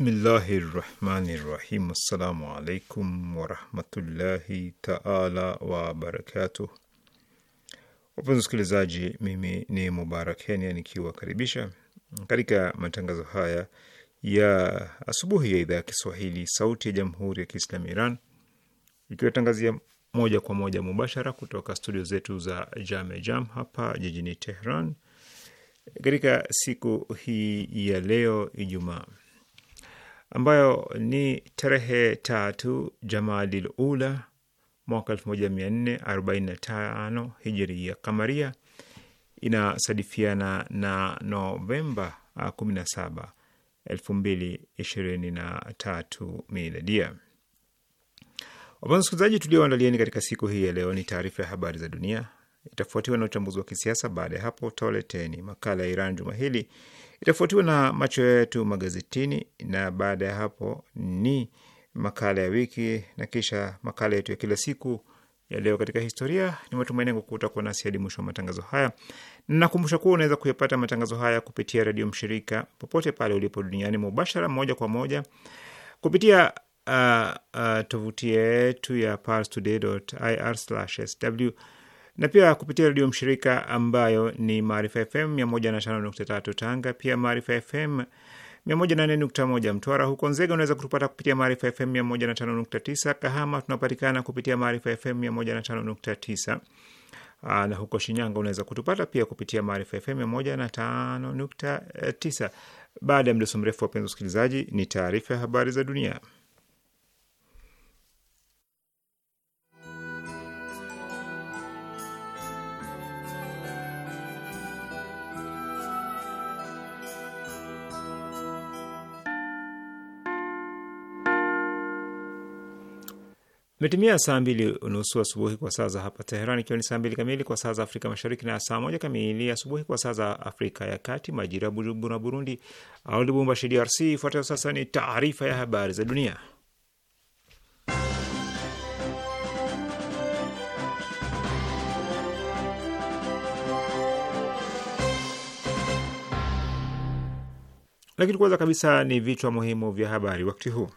Bismillahi rahmani rahim. Assalamu alaikum warahmatullahi taala wabarakatuh. Wapenzi wasikilizaji, mimi ni Mubarak Kenya nikiwakaribisha katika matangazo haya ya asubuhi ya idhaa ya Kiswahili sauti ya jamhuri ya Kiislamu Iran, ikiwatangazia moja kwa moja mubashara kutoka studio zetu za Jame Jam hapa jijini Tehran katika siku hii ya leo Ijumaa ambayo ni tarehe tatu Jamadil Ula mwaka hijiri ya Kamaria, inasadifiana na Novemba na tatu Miladia. Wapenzi wasikilizaji, tulioandalieni katika siku hii ya leo ni taarifa ya habari za dunia, itafuatiwa na uchambuzi wa kisiasa. Baada ya hapo, tawaleteni makala ya Iran juma hili itafuatiwa na macho yetu magazetini, na baada ya hapo ni makala ya wiki na kisha makala yetu ya kila siku ya leo katika historia. Ni matumaini yangu kuwa utakuwa nasi hadi mwisho wa matangazo haya. Nakumbusha kuwa unaweza kuyapata matangazo haya kupitia redio mshirika popote pale ulipo duniani, mubashara, moja kwa moja kupitia uh, uh, tovuti yetu ya parstoday.ir/sw na pia kupitia redio mshirika ambayo ni Maarifa FM 105.3 Tanga, pia Maarifa FM 108.1 Mtwara. Huko Nzega unaweza kutupata kupitia Maarifa FM 105.9. Kahama tunapatikana kupitia Maarifa FM 105.9 na huko Shinyanga unaweza kutupata pia kupitia Maarifa FM 105.9. Baada ya mdoso mrefu, wapenzi wasikilizaji, ni taarifa ya habari za dunia. Imetimia saa mbili unusu asubuhi kwa saa za hapa Teheran, ikiwa ni saa mbili kamili kwa saa za Afrika Mashariki na saa moja kamili asubuhi kwa saa za Afrika ya Kati, majira ya Bujumbura, Burundi au Lubumbashi, DRC. Ifuatayo sasa ni taarifa ya habari za dunia, lakini kwanza kabisa ni vichwa muhimu vya habari wakati huu.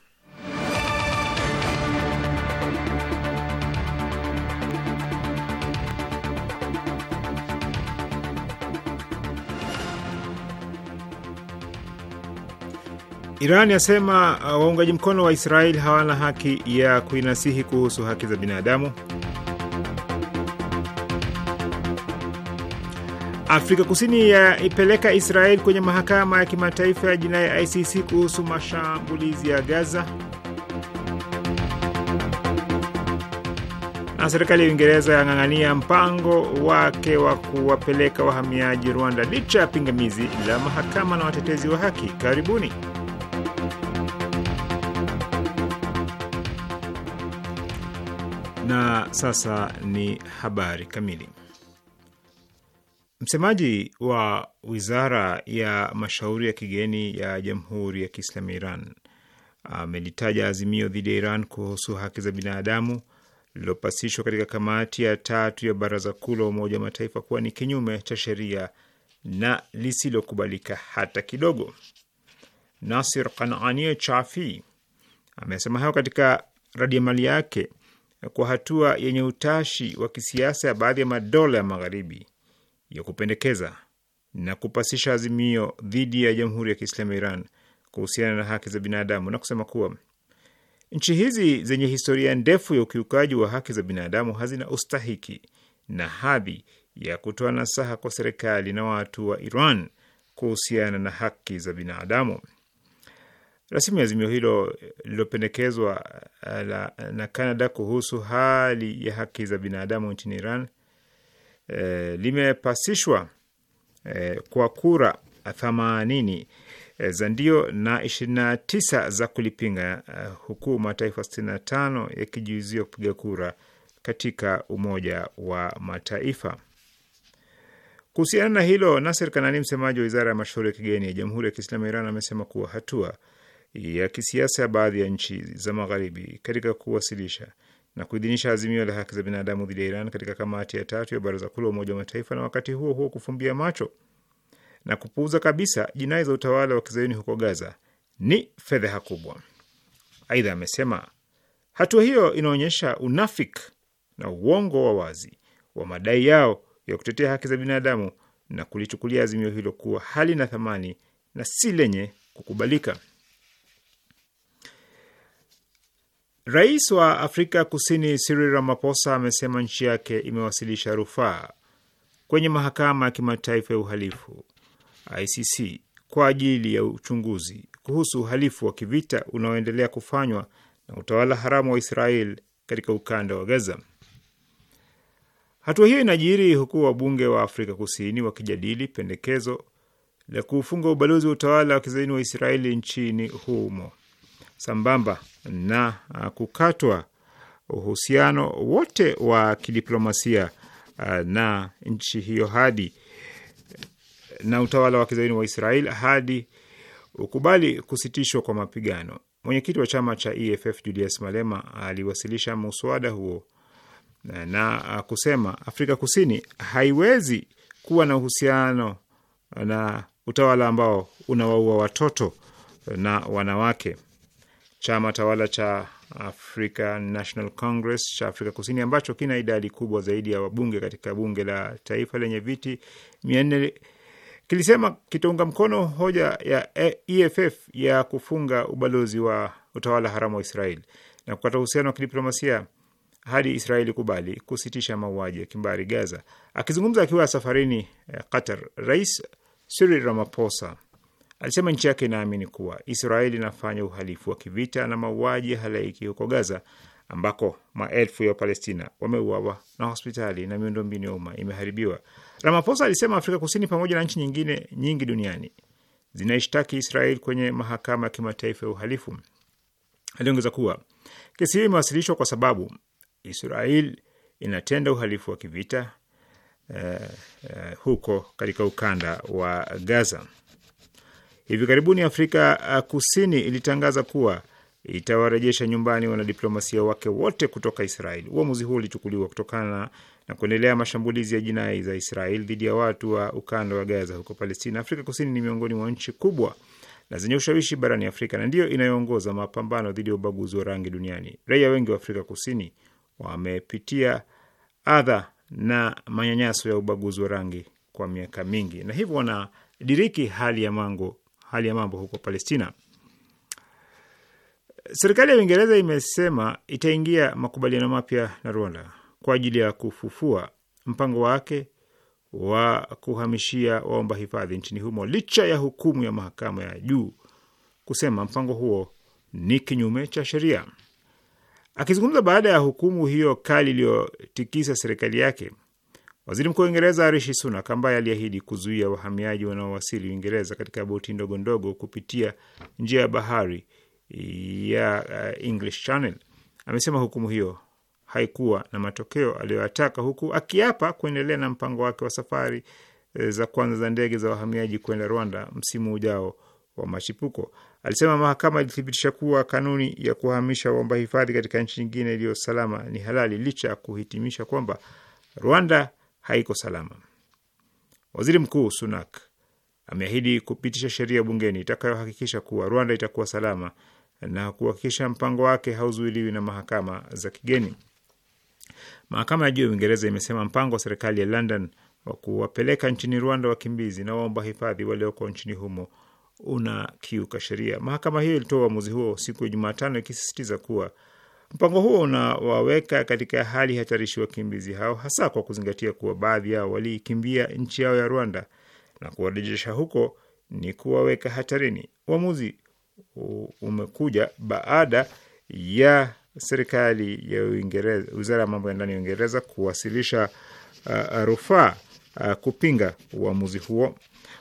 Iran yasema uh, waungaji mkono wa Israel hawana haki ya kuinasihi kuhusu haki za binadamu. Afrika Kusini yaipeleka Israel kwenye mahakama ya kimataifa ya jinai ICC kuhusu mashambulizi ya Gaza. Na serikali ya Uingereza yang'ang'ania mpango wake wa kuwapeleka wahamiaji Rwanda licha ya pingamizi la mahakama na watetezi wa haki. Karibuni. Na sasa ni habari kamili. Msemaji wa wizara ya mashauri ya kigeni ya Jamhuri ya Kiislamu ya Iran amelitaja azimio dhidi ya Iran kuhusu haki za binadamu lililopasishwa katika kamati ya tatu ya Baraza Kuu la Umoja wa Mataifa kuwa ni kinyume cha sheria na lisilokubalika hata kidogo. Nasir Kanani Chafi amesema hayo katika radiamali yake kwa hatua yenye utashi wa kisiasa ya baadhi ya madola ya magharibi ya kupendekeza na kupasisha azimio dhidi ya Jamhuri ya Kiislamu ya Iran kuhusiana na haki za binadamu na kusema kuwa nchi hizi zenye historia ndefu ya ukiukaji wa haki za binadamu hazina ustahiki na hadhi ya kutoa nasaha kwa serikali na watu wa Iran kuhusiana na haki za binadamu. Rasimu ya azimio hilo lililopendekezwa eh, na Canada kuhusu hali ya haki za binadamu nchini Iran e, limepasishwa e, kwa kura 80 e, za ndio na 29 za kulipinga e, huku mataifa 65 yakijiuzia kupiga kura katika Umoja wa Mataifa. Kuhusiana na hilo, Nasser Kanani, msemaji wa wizara ya mashauri ya kigeni ya Jamhuri ya Kiislamu ya Iran, amesema kuwa hatua ya kisiasa ya baadhi ya nchi za Magharibi katika kuwasilisha na kuidhinisha azimio la haki za binadamu dhidi ya Iran katika kamati ya tatu ya Baraza Kuu la Umoja wa Mataifa, na wakati huo huo kufumbia macho na kupuuza kabisa jinai za utawala wa kizayuni huko Gaza ni fedheha kubwa. Aidha amesema hatua hiyo inaonyesha unafik na uongo wa wazi wa madai yao ya kutetea haki za binadamu na kulichukulia azimio hilo kuwa hali na thamani na si lenye kukubalika. Rais wa Afrika Kusini Cyril Ramaphosa amesema nchi yake imewasilisha rufaa kwenye mahakama ya kimataifa ya uhalifu ICC kwa ajili ya uchunguzi kuhusu uhalifu wa kivita unaoendelea kufanywa na utawala haramu wa Israel katika ukanda wa Gaza. Hatua hiyo inajiri huku wabunge wa Afrika Kusini wakijadili pendekezo la kuufunga ubalozi wa utawala wa kizaini wa Israeli nchini humo sambamba na uh, kukatwa uhusiano wote wa kidiplomasia uh, na nchi hiyo hadi na utawala wa kizaini wa Israel hadi ukubali kusitishwa kwa mapigano. Mwenyekiti wa chama cha EFF Julius Malema aliwasilisha muswada huo uh, na kusema Afrika Kusini haiwezi kuwa na uhusiano na utawala ambao unawaua watoto na wanawake chama tawala cha afrika National Congress cha Afrika Kusini ambacho kina idadi kubwa zaidi ya wabunge katika bunge la taifa lenye viti 400 kilisema kitaunga mkono hoja ya EFF ya kufunga ubalozi wa utawala haramu wa Israeli na kukata uhusiano wa kidiplomasia hadi Israeli kubali kusitisha mauaji ya kimbari Gaza. Akizungumza akiwa safarini eh, Qatar, Rais Cyril Ramaphosa Alisema nchi yake inaamini kuwa Israeli inafanya uhalifu wa kivita na mauaji ya halaiki huko Gaza, ambako maelfu ya wapalestina wameuawa na hospitali na miundombinu ya umma imeharibiwa. Ramaphosa alisema Afrika Kusini pamoja na nchi nyingine nyingi duniani zinaishtaki Israeli kwenye mahakama ya kimataifa ya uhalifu. Aliongeza kuwa kesi hiyo imewasilishwa kwa sababu Israeli inatenda uhalifu wa kivita uh, uh, huko katika ukanda wa Gaza. Hivi karibuni Afrika uh, Kusini ilitangaza kuwa itawarejesha nyumbani wanadiplomasia wake wote kutoka Israel. Uamuzi huu ulichukuliwa kutokana na kuendelea mashambulizi ya jinai za Israel dhidi ya watu wa ukanda wa Gaza huko Palestina. Afrika Kusini ni miongoni mwa nchi kubwa na zenye ushawishi barani Afrika na ndiyo inayoongoza mapambano dhidi ya ubaguzi wa rangi duniani. Raia wengi wa Afrika Kusini wamepitia adha na manyanyaso ya ubaguzi wa rangi kwa miaka mingi, na hivyo wanadiriki hali ya mango hali ya mambo huko Palestina. Serikali ya Uingereza imesema itaingia makubaliano mapya na Rwanda kwa ajili ya kufufua mpango wake wa kuhamishia waomba hifadhi nchini humo licha ya hukumu ya mahakama ya juu kusema mpango huo ni kinyume cha sheria. Akizungumza baada ya hukumu hiyo kali iliyotikisa serikali yake, Waziri Mkuu wa Uingereza Rishi Sunak, ambaye aliahidi kuzuia wahamiaji wanaowasili Uingereza katika boti ndogo ndogo kupitia njia ya bahari ya uh, English Channel, amesema hukumu hiyo haikuwa na matokeo aliyoyataka, huku akiapa kuendelea na mpango wake wa safari uh, za kwanza za ndege za wahamiaji kwenda Rwanda msimu ujao wa machipuko. Alisema mahakama ilithibitisha kuwa kanuni ya kuhamisha waomba hifadhi katika nchi nyingine iliyo salama ni halali licha ya kuhitimisha kwamba Rwanda haiko salama. Waziri Mkuu Sunak ameahidi kupitisha sheria bungeni itakayohakikisha kuwa Rwanda itakuwa salama na kuhakikisha mpango wake hauzuiliwi na mahakama za kigeni. Mahakama ya juu ya Uingereza imesema mpango wa serikali ya London wa kuwapeleka nchini Rwanda wakimbizi na waomba hifadhi walioko nchini humo unakiuka sheria. Mahakama hiyo ilitoa uamuzi huo siku ya Jumatano ikisisitiza kuwa Mpango huo unawaweka katika hali hatarishi wakimbizi hao, hasa kwa kuzingatia kuwa baadhi yao walikimbia nchi yao ya Rwanda na kuwarejesha huko ni kuwaweka hatarini. Uamuzi umekuja baada ya serikali ya Uingereza, wizara ya mambo ya ndani ya Uingereza kuwasilisha uh, rufaa uh, kupinga uamuzi huo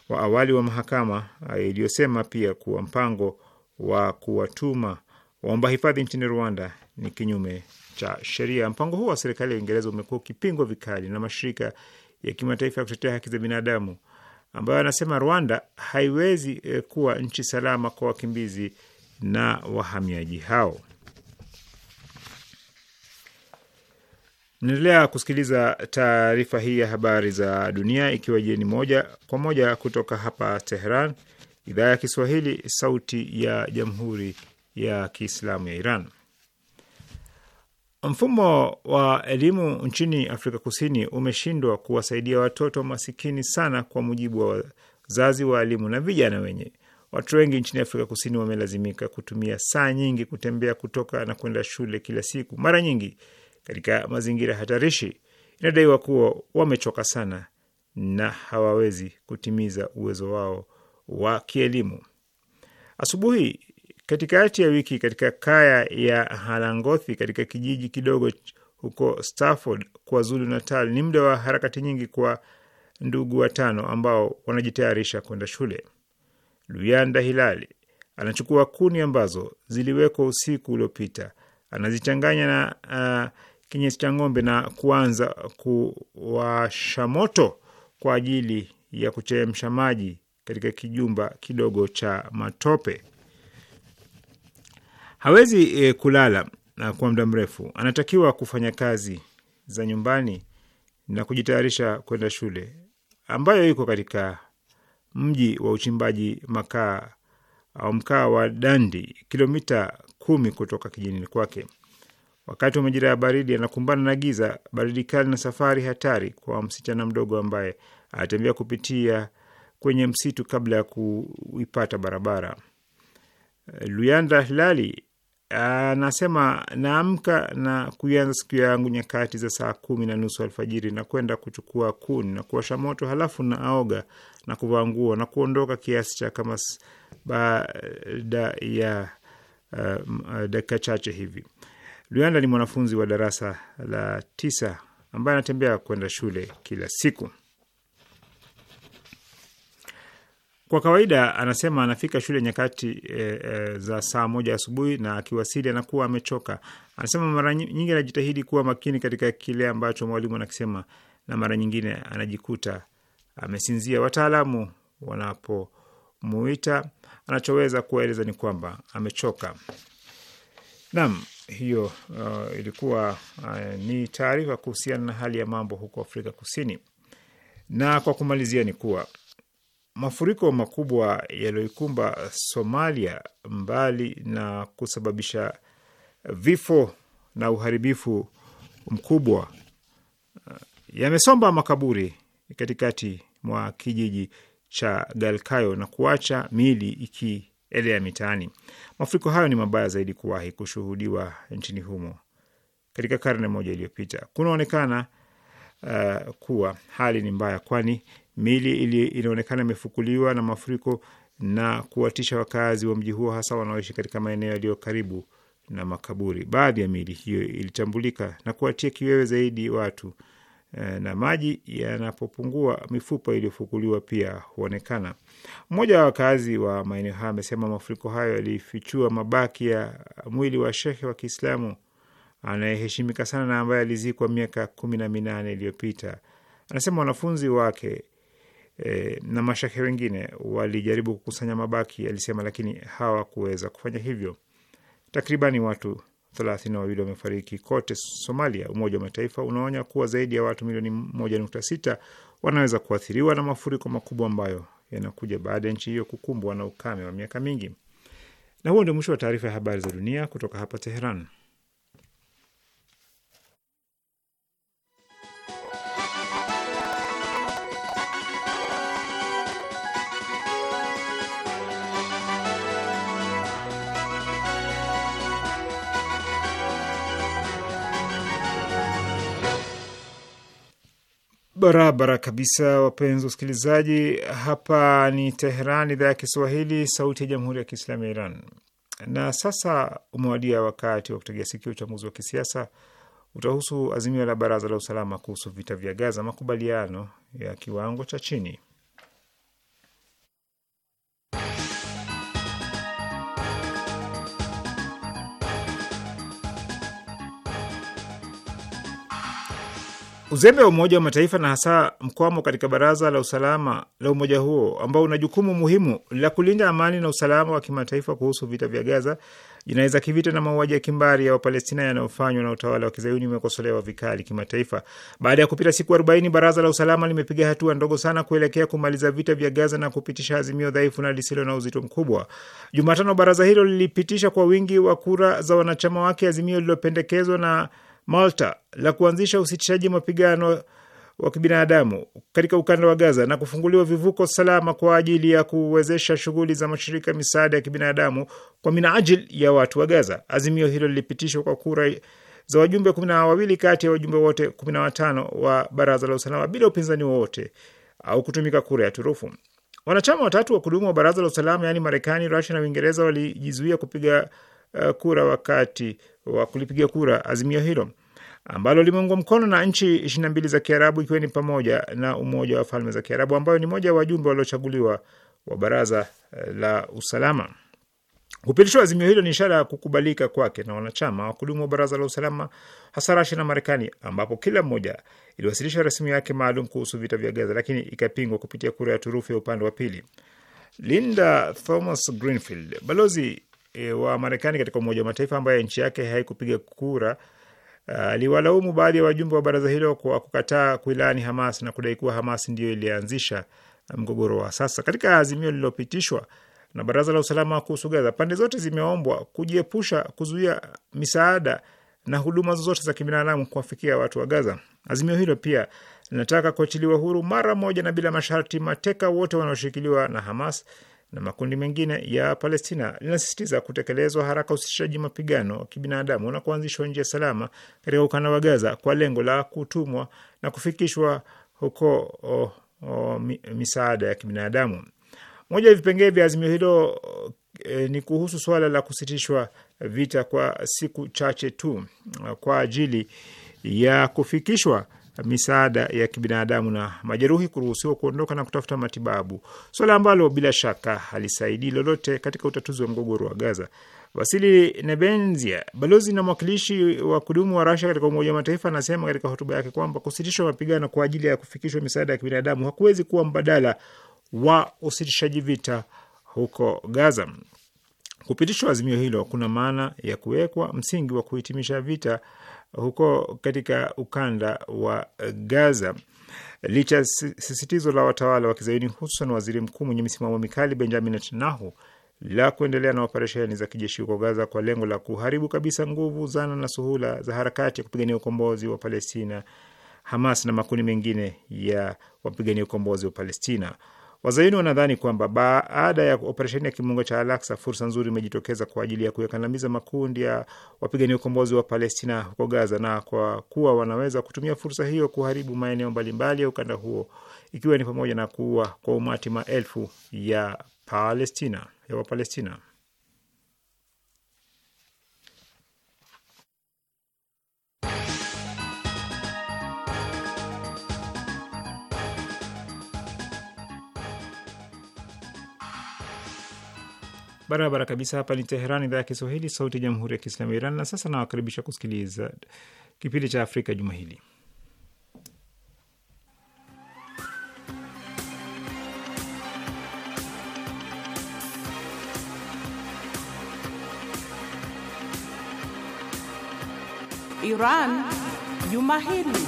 wa awali wa mahakama uh, iliyosema pia kuwa mpango wa kuwatuma waomba hifadhi nchini Rwanda ni kinyume cha sheria. Mpango huo wa serikali ya Uingereza umekuwa ukipingwa vikali na mashirika ya kimataifa ya kutetea haki za binadamu ambayo anasema Rwanda haiwezi e, kuwa nchi salama kwa wakimbizi na wahamiaji hao. Naendelea kusikiliza taarifa hii ya habari za dunia, ikiwa jeni moja kwa moja kutoka hapa Teheran, idhaa ya Kiswahili, sauti ya jamhuri ya kiislamu ya Iran. Mfumo wa elimu nchini Afrika Kusini umeshindwa kuwasaidia watoto masikini sana, kwa mujibu wa wazazi, waalimu na vijana wenye. Watu wengi nchini Afrika Kusini wamelazimika kutumia saa nyingi kutembea kutoka na kwenda shule kila siku, mara nyingi katika mazingira hatarishi. Inadaiwa kuwa wamechoka sana na hawawezi kutimiza uwezo wao wa kielimu. Asubuhi katikati ya wiki katika kaya ya Halangothi katika kijiji kidogo huko Stafford, zulu Natal. Ni muda wa harakati nyingi kwa ndugu watano ambao wanajitayarisha kwenda shule. Luyanda Hilali anachukua kuni ambazo ziliwekwa usiku uliopita, anazichanganya na uh, kinyesi cha ng'ombe na kuanza kuwasha moto kwa ajili ya kuchemsha maji katika kijumba kidogo cha matope hawezi e, kulala na kwa muda mrefu, anatakiwa kufanya kazi za nyumbani na kujitayarisha kwenda shule ambayo iko katika mji wa uchimbaji makaa au mkaa wa Dandi, kilomita kumi kutoka kijijini kwake. Wakati wa majira ya baridi, anakumbana na giza, baridi kali na safari hatari kwa msichana mdogo ambaye anatembea kupitia kwenye msitu kabla ya kuipata barabara. Luyanda Hilali anasema naamka na kuianza siku yangu nyakati za saa kumi na nusu alfajiri na kwenda kuchukua kuni na kuwasha moto, halafu naoga na kuvaa nguo na kuondoka kiasi cha kama baada ya uh, uh, dakika chache hivi. luanda ni mwanafunzi wa darasa la tisa ambaye anatembea kwenda shule kila siku. Kwa kawaida anasema anafika shule nyakati e, e, za saa moja asubuhi na akiwasili anakuwa amechoka. Anasema mara nyingi anajitahidi kuwa makini katika kile ambacho mwalimu anakisema na mara nyingine anajikuta amesinzia. Wataalamu wanapomuita anachoweza kuwaeleza ni kwamba amechoka. Naam, hiyo uh, ilikuwa uh, ni taarifa kuhusiana na hali ya mambo huko Afrika Kusini, na kwa kumalizia ni kuwa Mafuriko makubwa yaliyoikumba Somalia, mbali na kusababisha vifo na uharibifu mkubwa, uh, yamesomba makaburi katikati mwa kijiji cha Galkayo na kuacha miili ikielea mitaani. Mafuriko hayo ni mabaya zaidi kuwahi kushuhudiwa nchini humo katika karne moja iliyopita. Kunaonekana uh, kuwa hali ni mbaya, kwani mili ili inaonekana imefukuliwa na mafuriko na kuwatisha wakazi wa mji huo, hasa wanaoishi katika maeneo yaliyo karibu na makaburi. Baadhi ya mili hiyo ilitambulika na kuwatia kiwewe zaidi watu, uh, na maji yanapopungua mifupa iliyofukuliwa pia huonekana. Mmoja wa wakazi wa maeneo hayo amesema mafuriko hayo yalifichua mabaki ya mwili wa shehe wa Kiislamu anayeheshimika sana na ambaye alizikwa miaka kumi na minane iliyopita. Anasema wanafunzi wake e, na mashake wengine walijaribu kukusanya mabaki, alisema, lakini hawakuweza kufanya hivyo. Takribani watu thelathini na wawili wamefariki kote Somalia. Umoja wa Mataifa unaonya kuwa zaidi ya watu milioni moja nukta sita wanaweza kuathiriwa na mafuriko makubwa ambayo yanakuja baada ya nchi hiyo kukumbwa na ukame wa miaka mingi. Na huo ndio mwisho wa taarifa ya habari za dunia kutoka hapa Teheran. Barabara kabisa, wapenzi wasikilizaji, hapa ni Teheran, idhaa ya Kiswahili, sauti ya jamhuri ya kiislamu ya Iran. Na sasa umewadia wakati wa kutegea sikio. Uchambuzi wa kisiasa utahusu azimio la baraza la usalama kuhusu vita vya Gaza, makubaliano ya kiwango cha chini Uzembe wa Umoja wa Mataifa na hasa mkwamo katika Baraza la Usalama la umoja huo ambao una jukumu muhimu la kulinda amani na usalama wa kimataifa kuhusu vita vya Gaza, jinai za kivita na mauaji ya kimbari ya Wapalestina yanayofanywa na utawala wa kizayuni umekosolewa vikali kimataifa. Baada ya kupita siku 40, Baraza la Usalama limepiga hatua ndogo sana kuelekea kumaliza vita vya Gaza na kupitisha azimio dhaifu na lisilo na uzito mkubwa. Jumatano, baraza hilo lilipitisha kwa wingi wa kura za wanachama wake azimio lililopendekezwa na Malta la kuanzisha usitishaji mapigano wa kibinadamu katika ukanda wa Gaza na kufunguliwa vivuko salama kwa ajili ya kuwezesha shughuli za mashirika misaada ya kibinadamu kwa minajili ya watu wa Gaza. Azimio hilo lilipitishwa kwa kura za wajumbe kumi na wawili kati ya wajumbe wote kumi na watano wa Baraza la Usalama bila upinzani wowote au kutumika kura ya turufu. Wanachama watatu wa kudumu wa Baraza la Usalama, yaani Marekani, Rusia na Uingereza, walijizuia kupiga Eh, kura wakati wa kulipigia kura azimio hilo ambalo limeungwa mkono na nchi ishirini na mbili za Kiarabu ikiwa ni pamoja na Umoja wa Falme za Kiarabu ambayo ni moja ya wajumbe waliochaguliwa wa Baraza eh, la Usalama. Kupitishwa azimio hilo ni ishara ya kukubalika kwake na wanachama wa kudumu wa Baraza la Usalama, hasa Rasia na Marekani, ambapo kila mmoja iliwasilisha rasimu yake maalum kuhusu vita vya Gaza, lakini ikapingwa kupitia kura ya turufu ya upande wa pili. Linda Thomas Greenfield, balozi e, wa Marekani katika Umoja wa Mataifa ambaye nchi yake haikupiga kura uh, aliwalaumu baadhi ya wajumbe wa baraza hilo kwa kukataa kuilani Hamas na kudai kuwa Hamas ndiyo ilianzisha mgogoro wa sasa. Katika azimio lililopitishwa na Baraza la Usalama kuhusu Gaza, pande zote zimeombwa kujiepusha kuzuia misaada na huduma zozote za kibinadamu kuwafikia watu wa Gaza. Azimio hilo pia linataka kuachiliwa huru mara moja na bila masharti mateka wote wanaoshikiliwa na Hamas na makundi mengine ya Palestina linasisitiza kutekelezwa haraka usitishaji mapigano wa kibinadamu na kuanzishwa njia salama katika ukanda wa Gaza kwa lengo la kutumwa na kufikishwa huko oh, oh, misaada ya kibinadamu. Moja ya vipengee vya azimio hilo eh, ni kuhusu suala la kusitishwa vita kwa siku chache tu kwa ajili ya kufikishwa misaada ya kibinadamu na majeruhi kuruhusiwa kuondoka na kutafuta matibabu, suala ambalo bila shaka halisaidii lolote katika utatuzi wa mgogoro wa Gaza. Vasili Nebenzia, balozi na mwakilishi wa kudumu wa Rasha katika Umoja wa Mataifa, anasema katika hotuba yake kwamba kusitishwa mapigano kwa ajili ya kufikishwa misaada ya kibinadamu hakuwezi kuwa mbadala wa usitishaji vita huko Gaza. Kupitishwa azimio hilo kuna maana ya kuwekwa msingi wa kuhitimisha vita huko katika ukanda wa Gaza licha ya sisitizo la watawala wa kizayuni hususan waziri mkuu mwenye misimamo mikali Benjamin Netanyahu la kuendelea na operesheni za kijeshi huko Gaza kwa lengo la kuharibu kabisa nguvu, zana na suhula za harakati ya kupigania ukombozi wa Palestina, Hamas na makundi mengine ya wapigania ukombozi wa Palestina. Wazayuni wanadhani kwamba baada ya operesheni ya kimbunga cha alaksa fursa nzuri imejitokeza kwa ajili ya kuyakandamiza makundi ya wapigania ukombozi wa Palestina huko Gaza, na kwa kuwa wanaweza kutumia fursa hiyo kuharibu maeneo mbalimbali ya ukanda huo, ikiwa ni pamoja na kuua kwa umati maelfu ya Palestina ya Wapalestina. barabara kabisa. Hapa ni Teheran, idhaa ya Kiswahili, sauti ya jamhuri ya kiislamu ya Iran. Na sasa nawakaribisha kusikiliza kipindi cha Afrika juma hili. Iran juma hili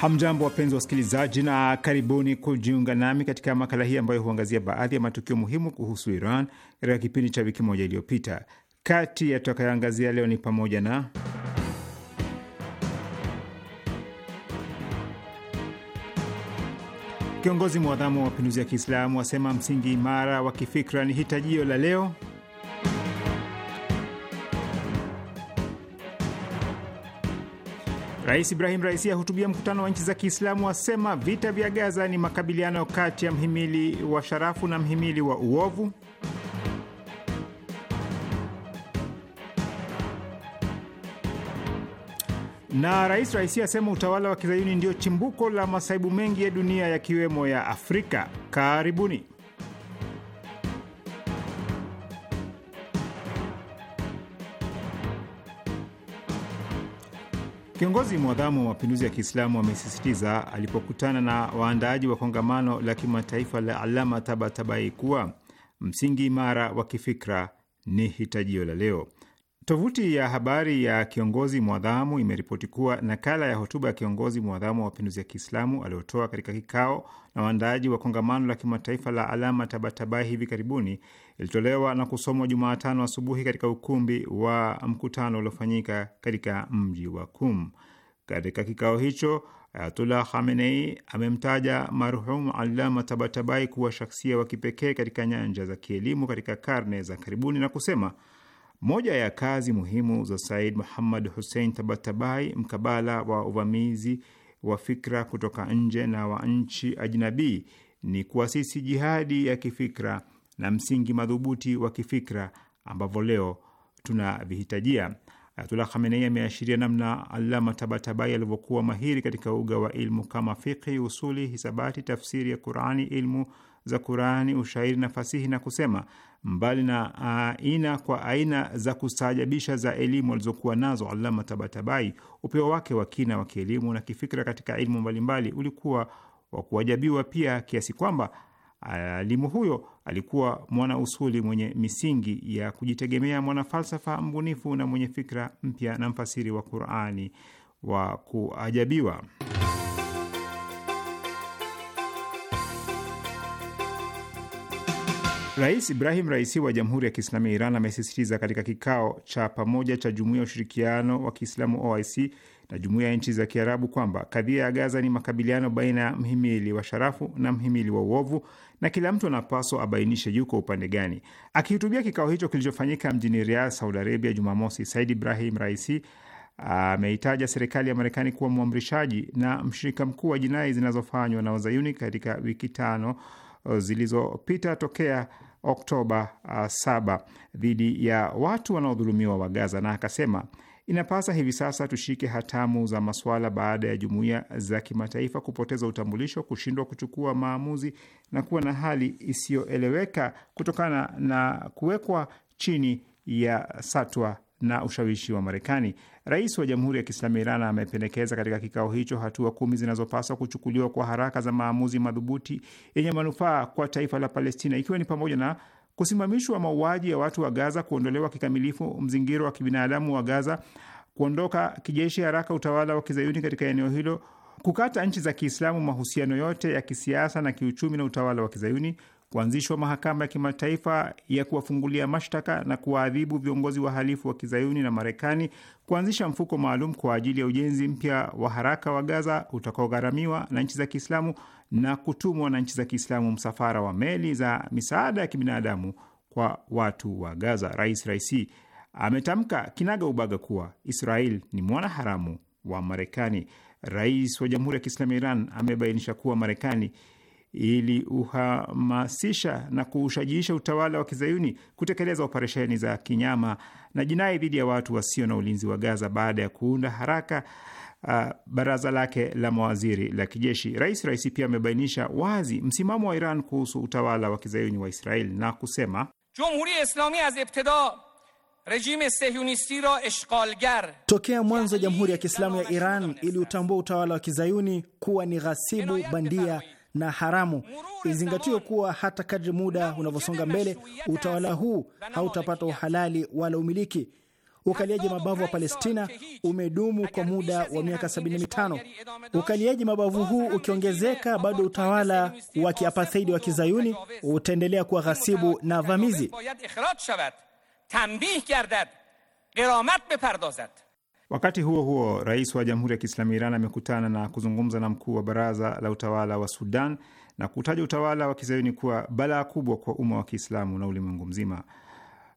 Hamjambo, wapenzi wa wasikilizaji, na karibuni kujiunga nami katika makala hii ambayo huangazia baadhi ya matukio muhimu kuhusu Iran katika kipindi cha wiki moja iliyopita. Kati ya tutakayoangazia leo ni pamoja na kiongozi mwadhamu wa mapinduzi ya Kiislamu asema msingi imara wa kifikra ni hitajio la leo Rais Ibrahim Raisi ahutubia mkutano wa nchi za Kiislamu asema vita vya Gaza ni makabiliano kati ya mhimili wa sharafu na mhimili wa uovu. Na Rais Raisi asema utawala wa kizayuni ndio chimbuko la masaibu mengi ya dunia yakiwemo ya Afrika. Karibuni. Kiongozi mwadhamu wa mapinduzi ya Kiislamu wamesisitiza alipokutana na waandaaji wa kongamano la kimataifa la Alama Tabatabai kuwa msingi imara wa kifikra ni hitajio la leo. Tovuti ya habari ya kiongozi mwadhamu imeripoti kuwa nakala ya hotuba ya kiongozi mwadhamu wa mapinduzi ya Kiislamu aliyotoa katika kikao na waandaaji wa kongamano la kimataifa la Alama Tabatabai hivi karibuni ilitolewa na kusomwa Jumatano asubuhi katika ukumbi wa mkutano uliofanyika katika mji wa Kum. Katika kikao hicho Ayatullah Khamenei amemtaja marhum Alama Tabatabai kuwa shaksia wa kipekee katika nyanja za kielimu katika karne za karibuni na kusema moja ya kazi muhimu za Said Muhammad Hussein Tabatabai mkabala wa uvamizi wa fikra kutoka nje na wa nchi ajnabii ni kuasisi jihadi ya kifikra na msingi madhubuti wa kifikra ambavyo leo tunavihitajia. Ayatullah Khamenei ameashiria namna Allama Tabatabai alivyokuwa mahiri katika uga wa ilmu kama fiqhi, usuli, hisabati, tafsiri ya Qurani, ilmu za Qurani, ushairi na fasihi, na kusema mbali na uh, aina kwa aina za kustaajabisha za elimu alizokuwa nazo Allama Tabatabai, upeo wake wa kina wa kielimu na kifikra katika ilmu mbalimbali ulikuwa wa kuajabiwa pia kiasi kwamba Alimu huyo alikuwa mwana usuli mwenye misingi ya kujitegemea, mwanafalsafa mbunifu na mwenye fikra mpya na mfasiri wa Qurani wa kuajabiwa. Rais Ibrahim Raisi wa Jamhuri ya Kiislamu ya Iran amesisitiza katika kikao cha pamoja cha Jumuiya ya Ushirikiano wa Kiislamu OIC na jumuiya ya nchi za Kiarabu kwamba kadhia ya Gaza ni makabiliano baina ya mhimili wa sharafu na mhimili wa uovu na kila mtu anapaswa abainishe yuko upande gani. Akihutubia kikao hicho kilichofanyika mjini Riyadh, Saudi Arabia Jumamosi, Said Ibrahim Raisi ameitaja serikali ya Marekani kuwa mwamrishaji na mshirika mkuu wa jinai zinazofanywa na wazayuni katika wiki tano zilizopita tokea Oktoba 7 uh, dhidi ya watu wanaodhulumiwa wa Gaza, na akasema Inapasa hivi sasa tushike hatamu za masuala baada ya jumuiya za kimataifa kupoteza utambulisho, kushindwa kuchukua maamuzi na kuwa na hali isiyoeleweka kutokana na kuwekwa chini ya satwa na ushawishi wa Marekani. Rais wa Jamhuri ya Kiislamu ya Iran amependekeza katika kikao hicho hatua kumi zinazopaswa kuchukuliwa kwa haraka za maamuzi madhubuti yenye manufaa kwa taifa la Palestina, ikiwa ni pamoja na kusimamishwa mauaji ya watu wa Gaza, kuondolewa kikamilifu mzingiro wa kibinadamu wa Gaza, kuondoka kijeshi haraka utawala wa kizayuni katika eneo hilo, kukata nchi za Kiislamu mahusiano yote ya kisiasa na kiuchumi na utawala wa kizayuni, kuanzishwa mahakama ya kimataifa ya kuwafungulia mashtaka na kuwaadhibu viongozi wahalifu wa kizayuni na Marekani kuanzisha mfuko maalum kwa ajili ya ujenzi mpya wa haraka wa Gaza utakaogharamiwa na nchi za Kiislamu na kutumwa na nchi za Kiislamu msafara wa meli za misaada ya kibinadamu kwa watu wa Gaza. Rais Raisi ametamka kinaga ubaga kuwa Israel ni haramu wa Marekani. Rais wa Jamhuri ya Kiislamu ya Iran amebainisha kuwa Marekani iliuhamasisha na kuushajiisha utawala wa kizayuni kutekeleza operesheni za kinyama na jinai dhidi ya watu wasio na ulinzi wa Gaza baada ya kuunda haraka uh, baraza lake la mawaziri la kijeshi. Rais Raisi pia amebainisha wazi msimamo wa Iran kuhusu utawala wa kizayuni wa israel na kusema Jumhuri Islami az ibtida Tokea mwanzo Jamhuri ya Kiislamu ya Iran iliutambua utawala wa kizayuni kuwa ni ghasibu bandia na haramu. Izingatiwe kuwa hata kadri muda unavyosonga mbele, utawala huu hautapata uhalali wala umiliki. Ukaliaji mabavu wa Palestina umedumu kwa muda wa miaka 75. Ukaliaji mabavu huu ukiongezeka, bado utawala wa kiapatheidi wa kizayuni utaendelea kuwa ghasibu na vamizi. Wakati huo huo, rais wa Jamhuri ya Kiislamu Iran amekutana na kuzungumza na mkuu wa baraza la utawala wa Sudan na kutaja utawala wa kizayuni kuwa balaa kubwa kwa umma wa Kiislamu na ulimwengu mzima.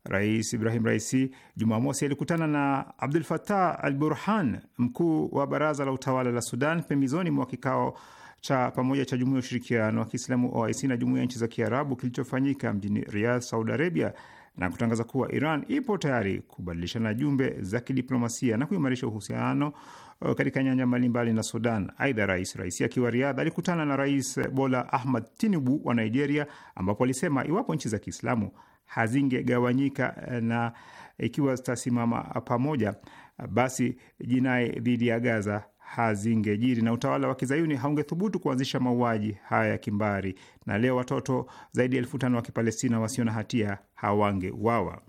Rais Ibrahim Raisi Jumamosi alikutana na Abdul Fatah Al Burhan, mkuu wa baraza la utawala la Sudan, pembezoni mwa kikao cha pamoja cha Jumuiya ya Ushirikiano wa Kiislamu OIC na Jumuiya ya Nchi za Kiarabu kilichofanyika mjini Riyadh, Saudi Arabia, na kutangaza kuwa Iran ipo tayari kubadilishana jumbe za kidiplomasia na kuimarisha uhusiano uh, katika nyanja mbalimbali na Sudan. Aidha, Rais Raisi akiwa Riadha alikutana na Rais Bola Ahmad Tinubu wa Nigeria, ambapo alisema iwapo nchi za Kiislamu hazingegawanyika uh, na ikiwa zitasimama pamoja, uh, basi jinai dhidi ya Gaza hazingejiri na utawala wa kizayuni haungethubutu kuanzisha mauaji haya ya kimbari, na leo watoto zaidi ya elfu tano wa Kipalestina wasio na hatia hawangeuawa.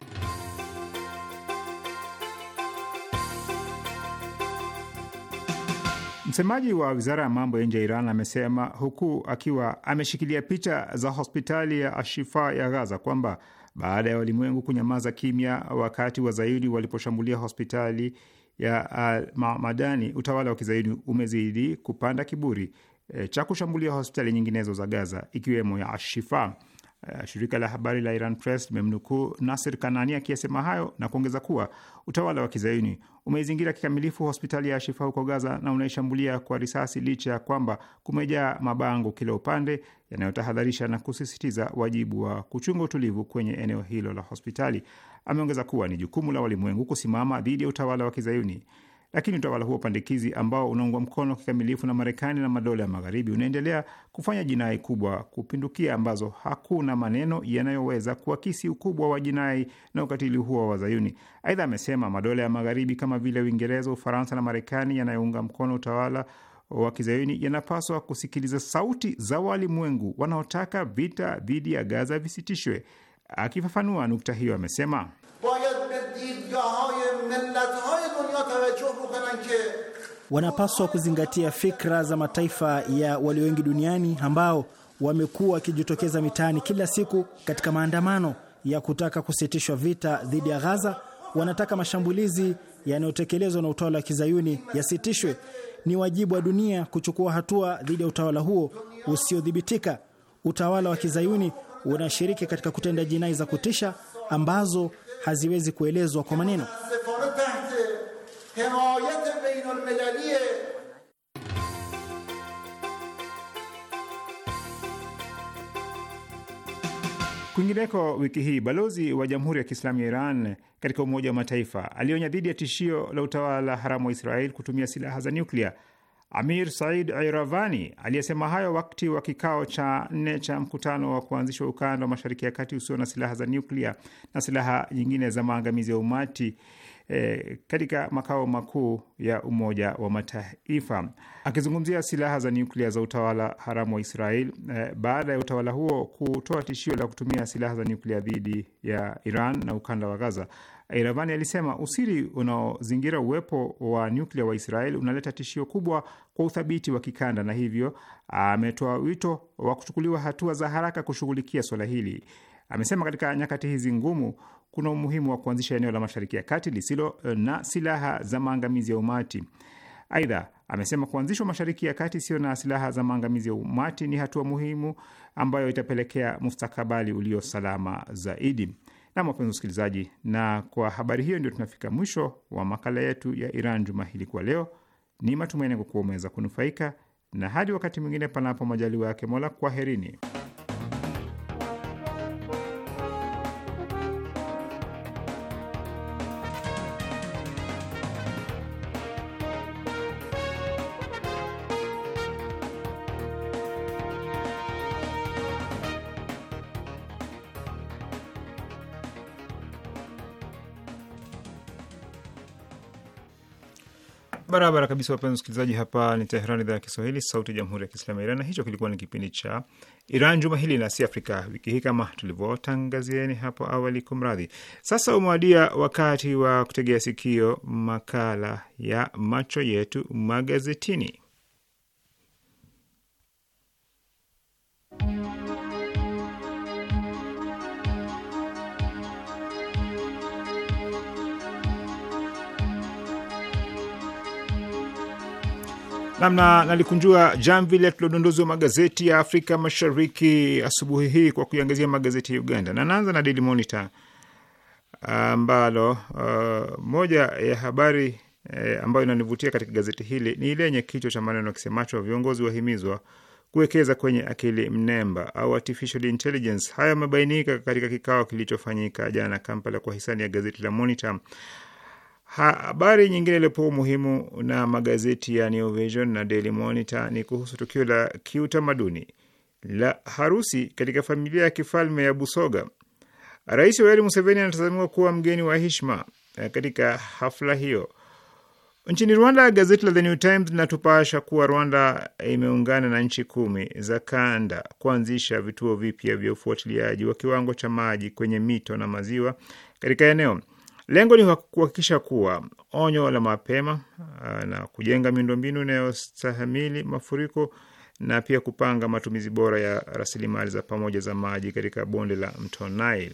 Msemaji wa wizara ya mambo ya nje ya Iran amesema huku akiwa ameshikilia picha za hospitali ya Ashifa ya Gaza kwamba baada ya walimwengu kunyamaza kimya wakati wazayuni waliposhambulia hospitali ya Almamadani, utawala wa kizaidi umezidi kupanda kiburi e, cha kushambulia hospitali nyinginezo za Gaza ikiwemo ya Ashifa. Eh, shirika la habari la Iran Press limemnukuu Nasir Kanani akiyasema hayo na kuongeza kuwa utawala wa kizayuni umeizingira kikamilifu hospitali ya Shifa huko Gaza na unaishambulia kwa risasi licha ya kwamba kumejaa mabango kila upande yanayotahadharisha na kusisitiza wajibu wa kuchunga utulivu kwenye eneo hilo la hospitali. Ameongeza kuwa ni jukumu la walimwengu kusimama dhidi ya utawala wa kizayuni. Lakini utawala huo pandikizi ambao unaungwa mkono kikamilifu na Marekani na madola ya Magharibi unaendelea kufanya jinai kubwa kupindukia ambazo hakuna maneno yanayoweza kuakisi ukubwa wa jinai na ukatili huo wa Wazayuni. Aidha, amesema madola ya Magharibi kama vile Uingereza, Ufaransa na Marekani yanayounga mkono utawala wa kizayuni yanapaswa kusikiliza sauti za walimwengu wanaotaka vita dhidi ya Gaza visitishwe. Akifafanua nukta hiyo, amesema wanapaswa kuzingatia fikra za mataifa ya walio wengi duniani ambao wamekuwa wakijitokeza mitaani kila siku katika maandamano ya kutaka kusitishwa vita dhidi ya Ghaza. Wanataka mashambulizi yanayotekelezwa na utawala wa kizayuni yasitishwe. Ni wajibu wa dunia kuchukua hatua dhidi ya utawala huo usiodhibitika. Utawala wa kizayuni unashiriki katika kutenda jinai za kutisha ambazo haziwezi kuelezwa kwa maneno. حمایت بین المللی Kwingineko wiki hii balozi wa Jamhuri ya Kiislamu ya Iran katika Umoja wa Mataifa alionya dhidi ya tishio la utawala haramu wa Israel kutumia silaha za nyuklia. Amir Said Iravani aliyesema hayo wakati wa kikao cha nne cha mkutano wa kuanzishwa ukanda wa Mashariki ya Kati usio na silaha za nyuklia na silaha nyingine za maangamizi ya umati e, katika makao makuu ya Umoja wa Mataifa. Akizungumzia silaha za nyuklia za utawala haramu wa Israel e, baada ya utawala huo kutoa tishio la kutumia silaha za nyuklia dhidi ya Iran na ukanda wa Gaza, Iravani alisema usiri unaozingira uwepo wa nyuklia wa Israel unaleta tishio kubwa kwa uthabiti wa kikanda, na hivyo ametoa wito wa kuchukuliwa hatua za haraka kushughulikia suala hili. Amesema katika nyakati hizi ngumu, kuna umuhimu wa kuanzisha eneo la Mashariki ya Kati lisilo eh, na silaha za maangamizi ya umati. Aidha, amesema kuanzishwa Mashariki ya Kati isiyo na silaha za maangamizi ya umati ni hatua muhimu ambayo itapelekea mustakabali ulio salama zaidi. Na wapenzi wasikilizaji, na kwa habari hiyo ndio tunafika mwisho wa makala yetu ya Iran juma hili kwa leo. Ni matumaini kwa kuwa umeweza kunufaika, na hadi wakati mwingine, panapo majaliwa yake Mola, kwaherini. barabara kabisa, wapenzi wasikilizaji, hapa ni Teheran, idhaa ya Kiswahili, sauti ya jamhuri ya kiislamu ya Iran. Na hicho kilikuwa ni kipindi cha Iran juma hili na si Afrika wiki hii, kama tulivyotangazieni hapo awali. Kumradhi, sasa umewadia wakati wa kutegea sikio makala ya macho yetu magazetini. Namna nalikunjua jamvi letu la udondozi wa magazeti ya Afrika Mashariki asubuhi hii kwa kuiangazia magazeti ya Uganda, na naanza na Daily Monitor ambalo uh, moja ya habari eh, ambayo inanivutia katika gazeti hili ni ile yenye kichwa cha maneno kisemacho viongozi wahimizwa kuwekeza kwenye akili mnemba au artificial intelligence. Haya yamebainika katika kikao kilichofanyika jana Kampala kwa hisani ya gazeti la Monitor Habari nyingine iliyopewa umuhimu na magazeti ya New Vision na Daily Monitor ni kuhusu tukio la kiutamaduni la harusi katika familia ya kifalme ya Busoga. Rais Yoweri Museveni anatazamiwa kuwa mgeni wa heshima eh, katika hafla hiyo. Nchini Rwanda, gazeti la The New Times linatupasha kuwa Rwanda eh, imeungana na nchi kumi za kanda kuanzisha vituo vipya vya ufuatiliaji wa kiwango cha maji kwenye mito na maziwa katika eneo Lengo ni kuhakikisha kuwa onyo la mapema uh, na kujenga miundombinu inayostahimili mafuriko na pia kupanga matumizi bora ya rasilimali za pamoja za maji katika bonde la mto Nile.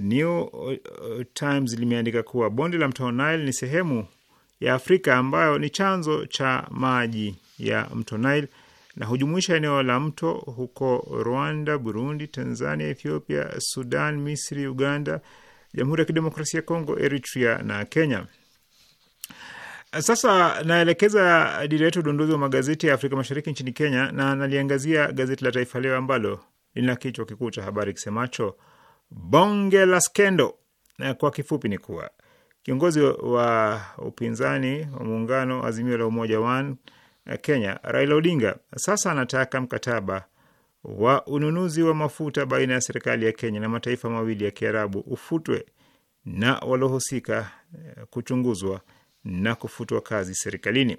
New uh, Times limeandika kuwa bonde la mto Nile ni sehemu ya Afrika ambayo ni chanzo cha maji ya mto Nile na hujumuisha eneo la mto huko Rwanda, Burundi, Tanzania, Ethiopia, Sudan, Misri, Uganda, Jamhuri ya Kidemokrasia ya Kongo, Eritrea na Kenya. Sasa naelekeza dira yetu wa magazeti ya Afrika Mashariki nchini Kenya, na naliangazia gazeti la Taifa Leo ambalo lina kichwa kikuu cha habari kisemacho bonge la skendo. Na kwa kifupi ni kuwa kiongozi wa upinzani wa muungano Azimio la Umoja One Kenya, Raila Odinga sasa anataka mkataba wa ununuzi wa mafuta baina ya serikali ya Kenya na mataifa mawili ya Kiarabu ufutwe na waliohusika eh, kuchunguzwa na kufutwa kazi serikalini.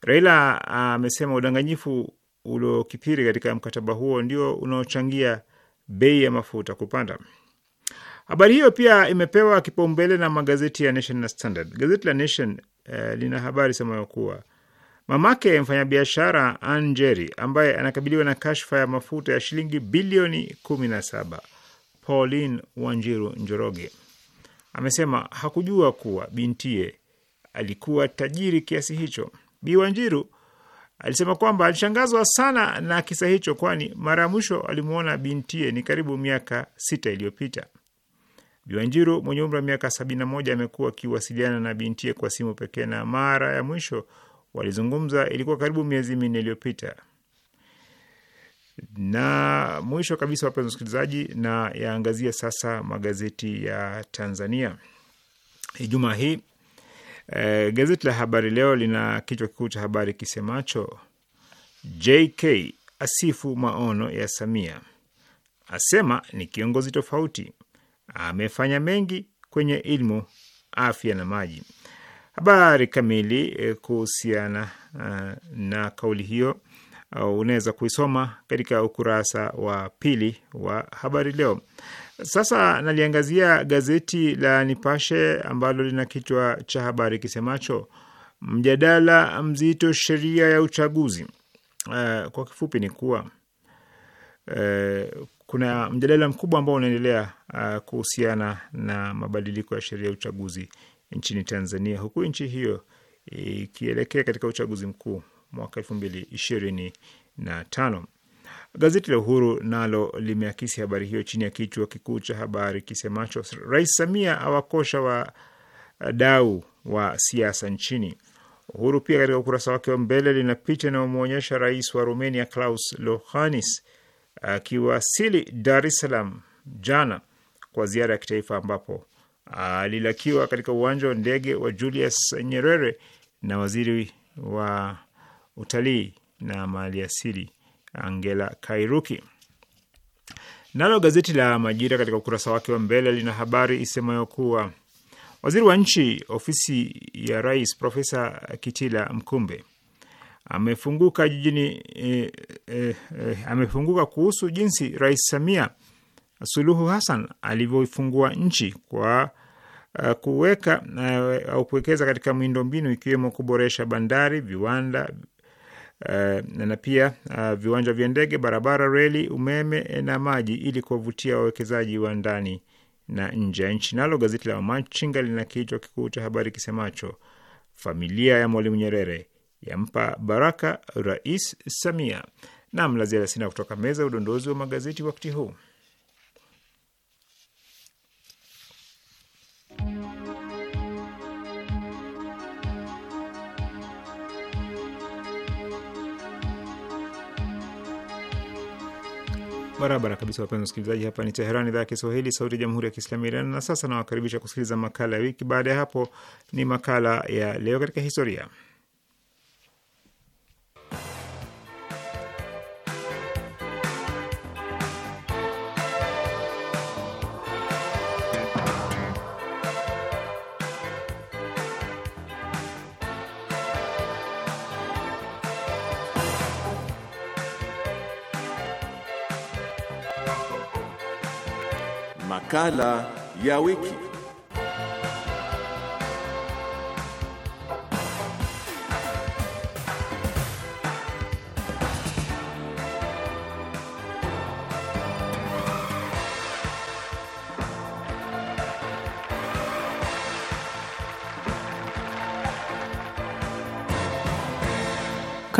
Raila ah, amesema udanganyifu uliokithiri katika mkataba huo ndio unaochangia bei ya mafuta kupanda. Habari hiyo pia imepewa kipaumbele na magazeti ya Nation na Standard. Gazeti la Nation eh, lina habari semayo kuwa Mamake mfanyabiashara Anjeri ambaye anakabiliwa na kashfa ya mafuta ya shilingi bilioni 17, Pauline Wanjiru Njoroge amesema hakujua kuwa bintie alikuwa tajiri kiasi hicho. Bi Wanjiru alisema kwamba alishangazwa sana na kisa hicho, kwani mara ya mwisho alimwona bintie ni karibu miaka sita iliyopita. Bi Wanjiru mwenye umri wa miaka 71 amekuwa akiwasiliana na bintie kwa simu pekee na mara ya mwisho Walizungumza, ilikuwa karibu miezi minne iliyopita. Na mwisho kabisa, wapenzi wasikilizaji, na yaangazia sasa magazeti ya Tanzania Ijumaa hii. E, gazeti la Habari Leo lina kichwa kikuu cha habari kisemacho JK asifu maono ya Samia, asema ni kiongozi tofauti, amefanya mengi kwenye elimu, afya na maji. Habari kamili e, kuhusiana e, na kauli hiyo e, unaweza kuisoma katika ukurasa wa pili wa Habari Leo. Sasa naliangazia gazeti la Nipashe ambalo lina kichwa cha habari kisemacho mjadala mzito, sheria ya uchaguzi. Kwa kifupi ni kuwa kuna mjadala mkubwa ambao unaendelea kuhusiana na mabadiliko ya sheria ya uchaguzi nchini Tanzania, huku nchi hiyo ikielekea katika uchaguzi mkuu mwaka elfu mbili ishirini na tano. Gazeti la Uhuru nalo limeakisi habari hiyo chini ya kichwa kikuu cha habari kisemacho Rais Samia awakosha wadau wa siasa nchini. Uhuru pia katika ukurasa wake wa mbele lina picha inayomwonyesha rais wa rumenia Klaus Lohanis akiwasili Dar es Salaam jana kwa ziara ya kitaifa ambapo alilakiwa katika uwanja wa ndege wa Julius Nyerere na waziri wa utalii na maliasili Angela Kairuki. Nalo gazeti la Majira katika ukurasa wake wa mbele lina habari isemayo kuwa waziri wa nchi ofisi ya rais Profesa Kitila Mkumbe amefunguka jijini, eh, eh, eh amefunguka kuhusu jinsi Rais Samia Suluhu Hassan alivyoifungua nchi kwa uh, kuweka uh, au kuwekeza katika miundombinu ikiwemo kuboresha bandari, viwanda Uh, na pia uh, viwanja vya ndege, barabara, reli, umeme na maji ili kuwavutia wawekezaji wa ndani na nje ya nchi. Nalo gazeti la Wamachinga lina kichwa kikuu cha habari kisemacho familia ya Mwalimu Nyerere yampa baraka Rais Samia. Naam, la ziada sina kutoka meza udondozi wa magazeti wakati huu. Barabara kabisa, wapenzi wasikilizaji, hapa ni Teheran, idhaa ya Kiswahili, sauti ya jamhuri ya kiislamu Iran. Na sasa nawakaribisha kusikiliza makala ya wiki. Baada ya hapo ni makala ya leo katika historia. Kala yawiki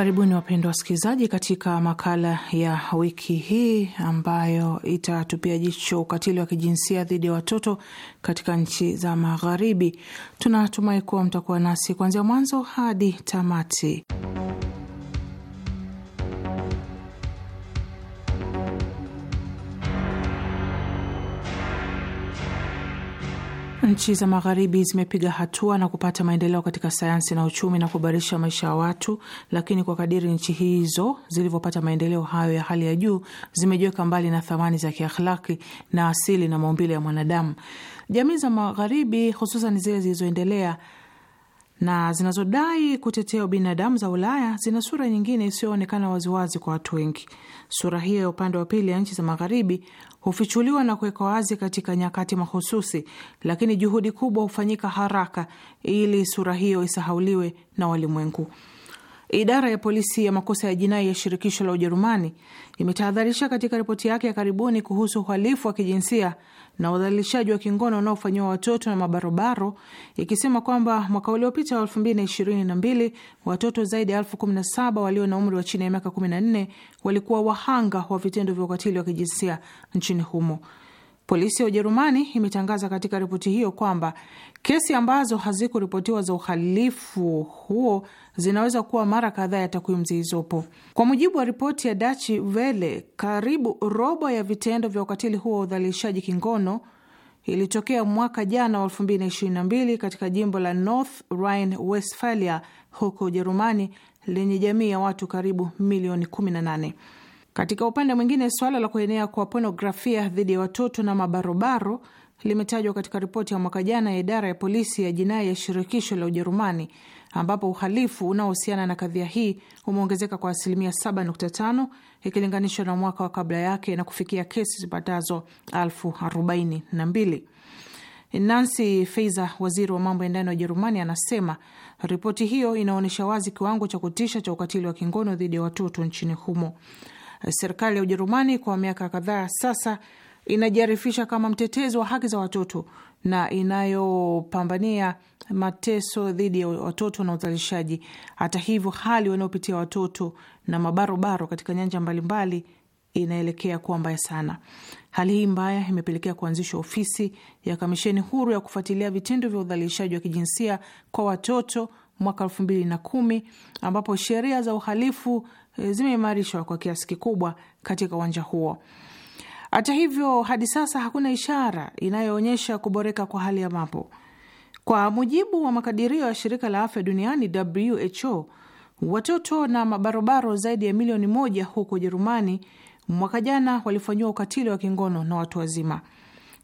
Karibuni wapendwa wasikilizaji, katika makala ya wiki hii ambayo itatupia jicho ukatili wa kijinsia dhidi ya watoto katika nchi za Magharibi. Tunatumai kuwa mtakuwa nasi kuanzia mwanzo hadi tamati. Nchi za magharibi zimepiga hatua na kupata maendeleo katika sayansi na uchumi na kuboresha maisha ya watu, lakini kwa kadiri nchi hizo zilivyopata maendeleo hayo ya hali ya juu, zimejiweka mbali na thamani za kiakhlaki na asili na maumbile ya mwanadamu. Jamii za magharibi, hususan zile zilizoendelea na zinazodai kutetea ubinadamu za Ulaya, zina sura nyingine isiyoonekana waziwazi kwa watu wengi. Sura hiyo ya upande wa pili ya nchi za magharibi hufichuliwa na kuwekwa wazi katika nyakati mahususi, lakini juhudi kubwa hufanyika haraka ili sura hiyo isahauliwe na walimwengu. Idara ya polisi ya makosa ya jinai ya shirikisho la Ujerumani imetahadharisha katika ripoti yake ya karibuni kuhusu uhalifu wa kijinsia na udhalilishaji wa kingono unaofanyiwa watoto na mabarobaro, ikisema kwamba mwaka uliopita wa mbili watoto zaidi ya elfu 17 walio na umri wa chini ya miaka 14 walikuwa wahanga wa vitendo vya ukatili wa kijinsia nchini humo. Polisi ya Ujerumani imetangaza katika ripoti hiyo kwamba Kesi ambazo hazikuripotiwa za uhalifu huo zinaweza kuwa mara kadhaa ya takwimu zilizopo. Kwa mujibu wa ripoti ya Dachi Vele, karibu robo ya vitendo vya ukatili huo wa udhalilishaji kingono ilitokea mwaka jana wa 2022 katika jimbo la North Rhine-Westphalia huko Ujerumani lenye jamii ya watu karibu milioni 18. Katika upande mwingine, suala la kuenea kwa ponografia dhidi ya watoto na mabarobaro limetajwa katika ripoti ya mwaka jana ya idara ya polisi ya jinai ya shirikisho la Ujerumani, ambapo uhalifu unaohusiana na kadhia hii umeongezeka kwa asilimia 7.5 ikilinganishwa na mwaka wa kabla yake na kufikia kesi zipatazo 42. Nancy Faeser, waziri wa mambo ya ndani wa Ujerumani, anasema ripoti hiyo inaonyesha wazi kiwango cha kutisha cha ukatili wa kingono dhidi ya watoto nchini humo. Serikali ya Ujerumani kwa miaka kadhaa sasa inajiarifisha kama mtetezi wa haki za watoto na inayopambania mateso dhidi ya watoto na uzalishaji. Hata hivyo, hali wanaopitia watoto na mabarobaro katika nyanja mbalimbali inaelekea kuwa mbaya sana. Hali hii mbaya imepelekea kuanzishwa ofisi ya kamisheni huru ya kufuatilia vitendo vya udhalilishaji wa kijinsia kwa watoto mwaka elfu mbili na kumi ambapo sheria za uhalifu eh, zimeimarishwa kwa kiasi kikubwa katika uwanja huo. Hata hivyo, hadi sasa hakuna ishara inayoonyesha kuboreka kwa hali ya mambo. Kwa mujibu wa makadirio ya shirika la afya duniani WHO, watoto na mabarobaro zaidi ya milioni moja huko Ujerumani mwaka jana walifanyiwa ukatili wa kingono na watu wazima.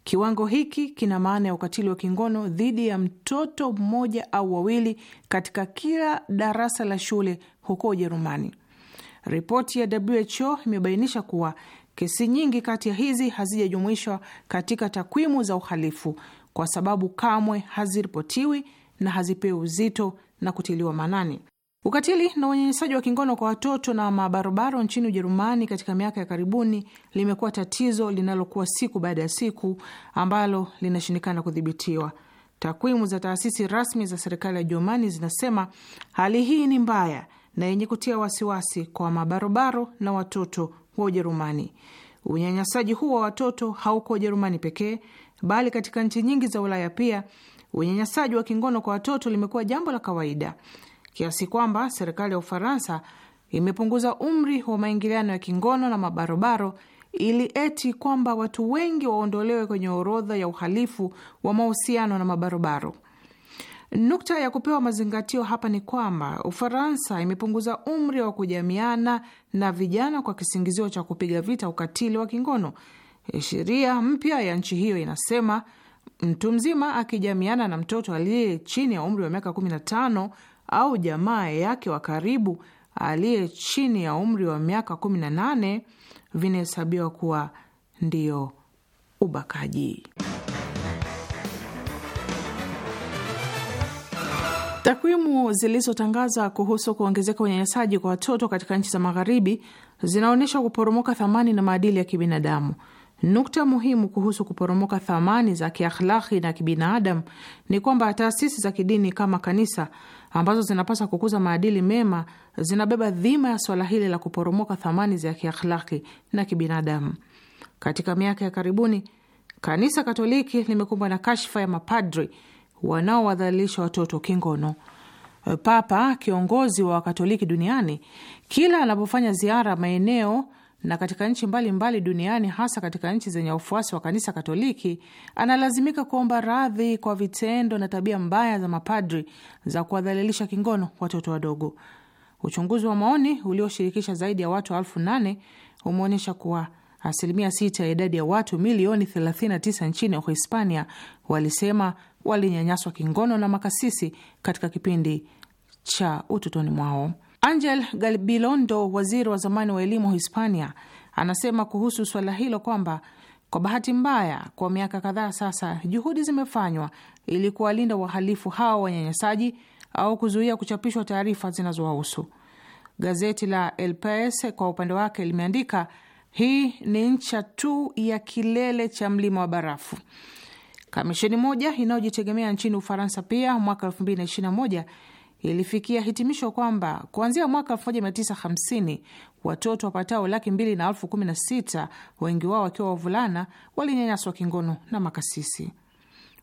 Kiwango hiki kina maana ya ukatili wa kingono dhidi ya mtoto mmoja au wawili katika kila darasa la shule huko Ujerumani. Ripoti ya WHO imebainisha kuwa Kesi nyingi kati ya hizi hazijajumuishwa katika takwimu za uhalifu kwa sababu kamwe haziripotiwi na hazipewi uzito na kutiliwa maanani. Ukatili na unyanyasaji wa kingono kwa watoto na mabarobaro nchini Ujerumani katika miaka ya karibuni limekuwa tatizo linalokuwa siku baada ya siku ambalo linashindikana kudhibitiwa. Takwimu za taasisi rasmi za serikali ya Ujerumani zinasema hali hii ni mbaya na yenye kutia wasiwasi kwa mabarobaro na watoto wa Ujerumani. Unyanyasaji huu wa watoto hauko Ujerumani pekee, bali katika nchi nyingi za Ulaya pia unyanyasaji wa kingono kwa watoto limekuwa jambo la kawaida, kiasi kwamba serikali ya Ufaransa imepunguza umri wa maingiliano ya kingono na mabarobaro ili eti kwamba watu wengi waondolewe kwenye orodha ya uhalifu wa mahusiano na mabarobaro. Nukta ya kupewa mazingatio hapa ni kwamba Ufaransa imepunguza umri wa kujamiana na vijana kwa kisingizio cha kupiga vita ukatili wa kingono. Sheria mpya ya nchi hiyo inasema mtu mzima akijamiana na mtoto aliye chini ya umri wa miaka 15 au jamaa yake wa karibu aliye chini ya umri wa miaka 18 vinahesabiwa kuwa ndiyo ubakaji. Takwimu zilizotangaza kuhusu kuongezeka unyanyasaji kwa watoto katika nchi za magharibi zinaonyesha kuporomoka thamani na maadili ya kibinadamu. Nukta muhimu kuhusu kuporomoka thamani za kiakhlaki na kibinadamu ni kwamba taasisi za kidini kama kanisa ambazo zinapaswa kukuza maadili mema zinabeba dhima ya swala hili la kuporomoka thamani za kiakhlaki na kibinadamu. Katika miaka ya karibuni, kanisa Katoliki limekumbwa na kashfa ya mapadri wanaowadhalilisha watoto kingono. E, Papa kiongozi wa Wakatoliki duniani kila anapofanya ziara maeneo na katika nchi mbalimbali mbali duniani, hasa katika nchi zenye ufuasi wa kanisa Katoliki, analazimika kuomba radhi kwa vitendo na tabia mbaya za mapadri za kuwadhalilisha kingono watoto wadogo. Uchunguzi wa maoni ulioshirikisha zaidi ya watu elfu nane umeonyesha kuwa asilimia sita ya idadi ya watu milioni 39 nchini Uhispania walisema walinyanyaswa kingono na makasisi katika kipindi cha utotoni mwao. Angel Gabilondo, waziri wa zamani wa elimu Hispania, anasema kuhusu swala hilo kwamba kwa bahati mbaya, kwa miaka kadhaa sasa, juhudi zimefanywa ili kuwalinda wahalifu hao wanyanyasaji au kuzuia kuchapishwa taarifa zinazowahusu. Gazeti la El Pais kwa upande wake limeandika, hii ni ncha tu ya kilele cha mlima wa barafu. Kamisheni moja inayojitegemea nchini Ufaransa pia mwaka 2021 ilifikia hitimisho kwamba kuanzia mwaka 1950 watoto wapatao laki mbili na elfu kumi na sita, wengi wao wakiwa wavulana, walinyanyaswa kingono na makasisi.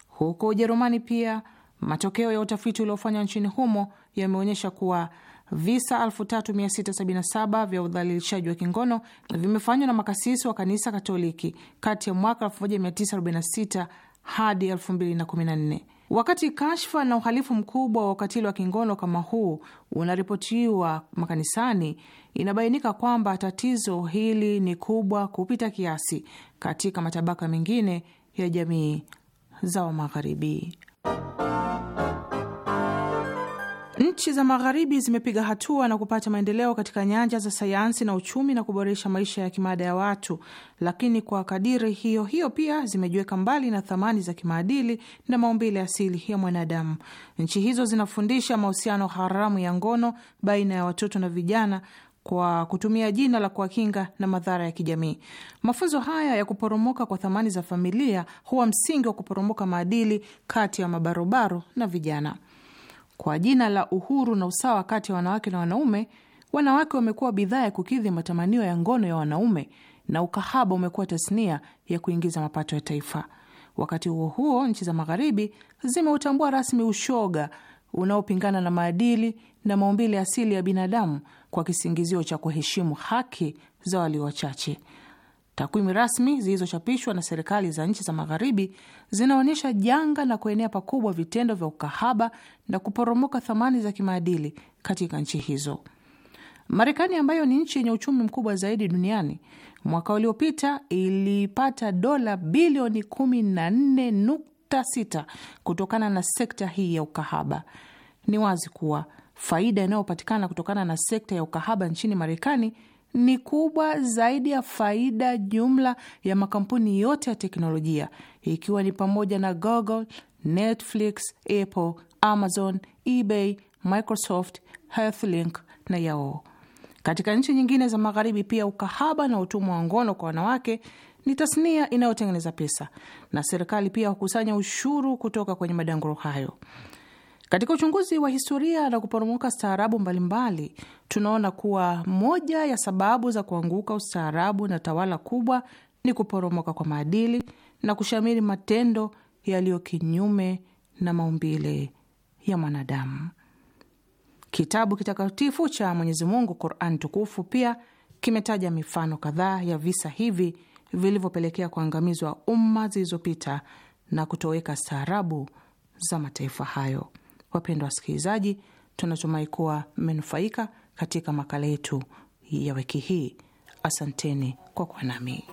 Huko Ujerumani pia matokeo ya utafiti uliofanywa nchini humo yameonyesha kuwa visa 3677 vya udhalilishaji wa kingono vimefanywa na makasisi wa kanisa Katoliki kati ya mwaka 1946 hadi 2014. Wakati kashfa na uhalifu mkubwa wa ukatili wa kingono kama huu unaripotiwa makanisani, inabainika kwamba tatizo hili ni kubwa kupita kiasi katika matabaka mengine ya jamii za Magharibi. Nchi za Magharibi zimepiga hatua na kupata maendeleo katika nyanja za sayansi na uchumi na kuboresha maisha ya kimaada ya watu, lakini kwa kadiri hiyo hiyo pia zimejiweka mbali na thamani za kimaadili na maumbile asili ya mwanadamu. Nchi hizo zinafundisha mahusiano haramu ya ngono baina ya watoto na vijana kwa kutumia jina la kuwakinga na madhara ya kijamii. Mafunzo haya ya kuporomoka kwa thamani za familia huwa msingi wa kuporomoka maadili kati ya mabarobaro na vijana. Kwa jina la uhuru na usawa kati ya wanawake na wanaume, wanawake wamekuwa bidhaa ya kukidhi matamanio ya ngono ya wanaume na ukahaba umekuwa tasnia ya kuingiza mapato ya taifa. Wakati huo huo, nchi za Magharibi zimeutambua rasmi ushoga unaopingana na maadili na maumbile asili ya binadamu kwa kisingizio cha kuheshimu haki za walio wachache. Takwimu rasmi zilizochapishwa na serikali za nchi za Magharibi zinaonyesha janga la kuenea pakubwa vitendo vya ukahaba na kuporomoka thamani za kimaadili katika nchi hizo. Marekani ambayo ni nchi yenye uchumi mkubwa zaidi duniani, mwaka uliopita ilipata dola bilioni 14.6 kutokana na sekta hii ya ukahaba. Ni wazi kuwa faida inayopatikana kutokana na sekta ya ukahaba nchini Marekani ni kubwa zaidi ya faida jumla ya makampuni yote ya teknolojia ikiwa ni pamoja na Google, Netflix, Apple, Amazon, eBay, Microsoft, Hearthlink na Yahoo. Katika nchi nyingine za Magharibi pia ukahaba na utumwa wa ngono kwa wanawake ni tasnia inayotengeneza pesa na serikali pia hukusanya ushuru kutoka kwenye madanguro hayo. Katika uchunguzi wa historia na kuporomoka staarabu mbalimbali, tunaona kuwa moja ya sababu za kuanguka ustaarabu na tawala kubwa ni kuporomoka kwa maadili na kushamiri matendo yaliyo kinyume na maumbile ya mwanadamu. Kitabu kitakatifu cha Mwenyezi Mungu, Quran Tukufu, pia kimetaja mifano kadhaa ya visa hivi vilivyopelekea kuangamizwa umma zilizopita na kutoweka staarabu za mataifa hayo. Wapendwa wasikilizaji, tunatumai kuwa mmenufaika katika makala yetu ya wiki hii. Asanteni kwa kuwa nami.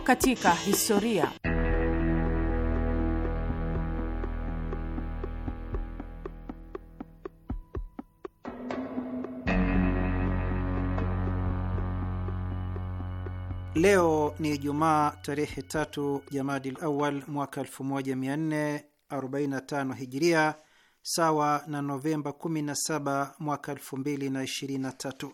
katika historia. Leo ni Jumaa tarehe tatu Jamadil Awal mwaka 1445 Hijiria, sawa na Novemba 17 mwaka 2023.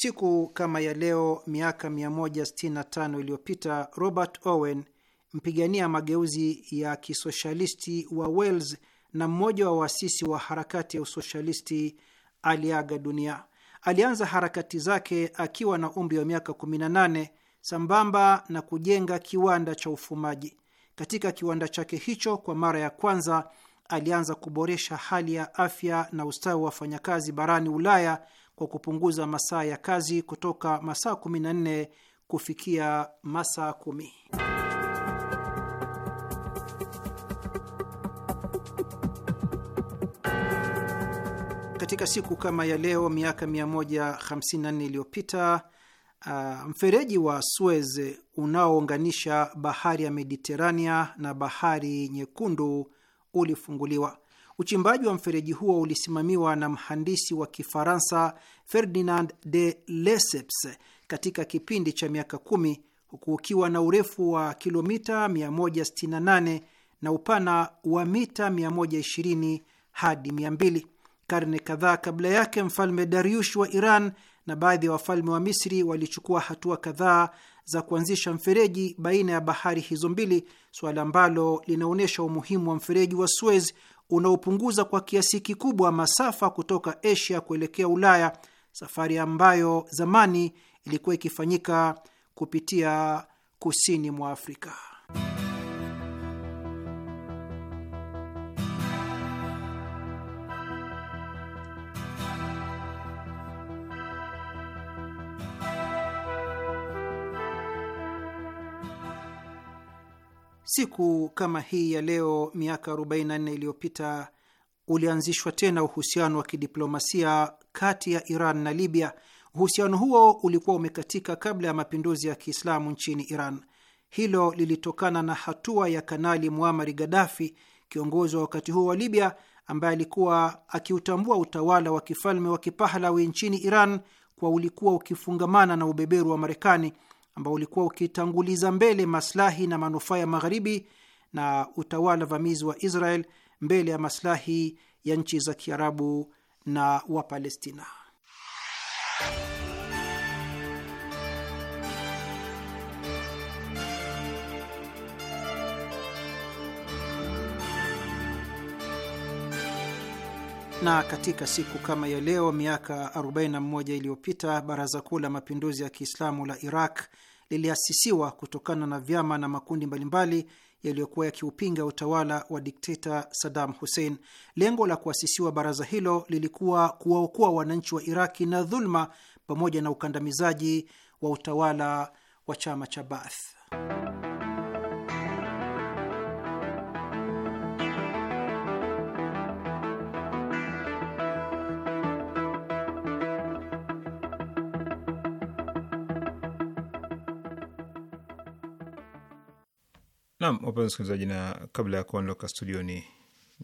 Siku kama ya leo miaka 165 iliyopita Robert Owen, mpigania mageuzi ya kisoshalisti wa Wales na mmoja wa waasisi wa harakati ya usoshalisti aliaga dunia. Alianza harakati zake akiwa na umri wa miaka 18 sambamba na kujenga kiwanda cha ufumaji. Katika kiwanda chake hicho, kwa mara ya kwanza alianza kuboresha hali ya afya na ustawi wa wafanyakazi barani Ulaya kwa kupunguza masaa ya kazi kutoka masaa 14 kufikia masaa 10 Katika siku kama ya leo miaka 154 iliyopita uh, mfereji wa Suez unaounganisha bahari ya Mediterania na bahari Nyekundu ulifunguliwa. Uchimbaji wa mfereji huo ulisimamiwa na mhandisi wa Kifaransa Ferdinand de Lesseps katika kipindi cha miaka kumi, huku ukiwa na urefu wa kilomita 168 na upana wa mita 120 hadi 200. Karne kadhaa kabla yake mfalme Dariush wa Iran na baadhi ya wafalme wa Misri walichukua hatua kadhaa za kuanzisha mfereji baina ya bahari hizo mbili, suala ambalo linaonyesha umuhimu wa mfereji wa Suez unaopunguza kwa kiasi kikubwa masafa kutoka Asia kuelekea Ulaya, safari ambayo zamani ilikuwa ikifanyika kupitia kusini mwa Afrika. Siku kama hii ya leo miaka 44 iliyopita ulianzishwa tena uhusiano wa kidiplomasia kati ya Iran na Libya. Uhusiano huo ulikuwa umekatika kabla ya mapinduzi ya Kiislamu nchini Iran. Hilo lilitokana na hatua ya Kanali Muamari Gadafi, kiongozi wa wakati huo wa Libya, ambaye alikuwa akiutambua utawala wa kifalme wa Kipahlawi nchini Iran kwa ulikuwa ukifungamana na ubeberu wa Marekani ambao ulikuwa ukitanguliza mbele maslahi na manufaa ya Magharibi na utawala vamizi wa Israel mbele ya maslahi ya nchi za Kiarabu na Wapalestina. Na katika siku kama ya leo miaka 41 iliyopita Baraza Kuu la Mapinduzi ya Kiislamu la Iraq liliasisiwa kutokana na vyama na makundi mbalimbali yaliyokuwa yakiupinga utawala wa dikteta Saddam Hussein. Lengo la kuasisiwa baraza hilo lilikuwa kuwaokoa wananchi wa Iraki na dhuluma pamoja na ukandamizaji wa utawala wa chama cha Baath. Nam, wapenzi wasikilizaji, na kabla ya kuondoka studioni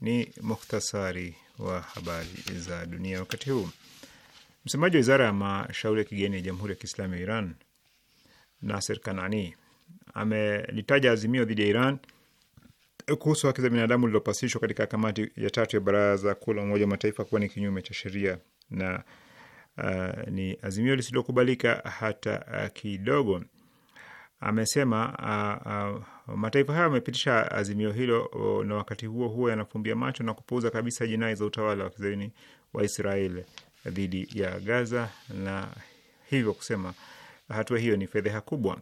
ni, ni muhtasari wa habari za dunia wakati huu. Msemaji wa wizara ya mashauri ya kigeni ya Jamhuri ya Kiislamu ya Iran Naser Kanani amelitaja azimio dhidi ya Iran kuhusu haki za binadamu lililopasishwa katika kamati ya tatu ya Baraza Kuu la Umoja wa Mataifa kuwa ni kinyume cha sheria na uh, ni azimio lisilokubalika hata uh, kidogo amesema uh, uh, mataifa hayo yamepitisha azimio hilo uh, na wakati huo huo yanafumbia macho na kupuuza kabisa jinai za utawala wa kizayuni wa israel dhidi ya Gaza na hivyo kusema hatua hiyo ni fedheha kubwa.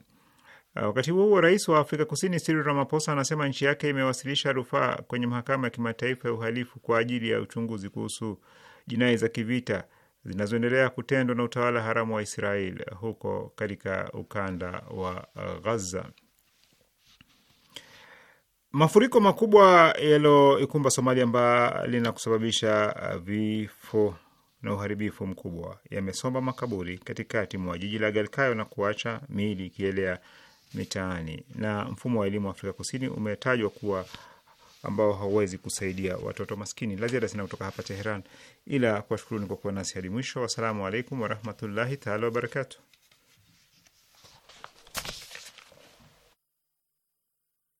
Uh, wakati huo huo rais wa Afrika Kusini Cyril Ramaphosa anasema nchi yake imewasilisha rufaa kwenye mahakama ya kimataifa ya uhalifu kwa ajili ya uchunguzi kuhusu jinai za kivita zinazoendelea kutendwa na utawala haramu wa Israel huko katika ukanda wa uh, Gaza. Mafuriko makubwa yaliyoikumba Somalia, mbali na kusababisha uh, vifo na uharibifu mkubwa, yamesomba makaburi katikati mwa jiji la Galkayo na kuacha miili ikielea mitaani. Na mfumo wa elimu wa Afrika Kusini umetajwa kuwa ambao hauwezi kusaidia watoto maskini. La ziada sina kutoka hapa Teheran ila kuwashukuruni kwa kuwa nasi hadi mwisho. Wassalamu alaikum warahmatullahi taala wabarakatu.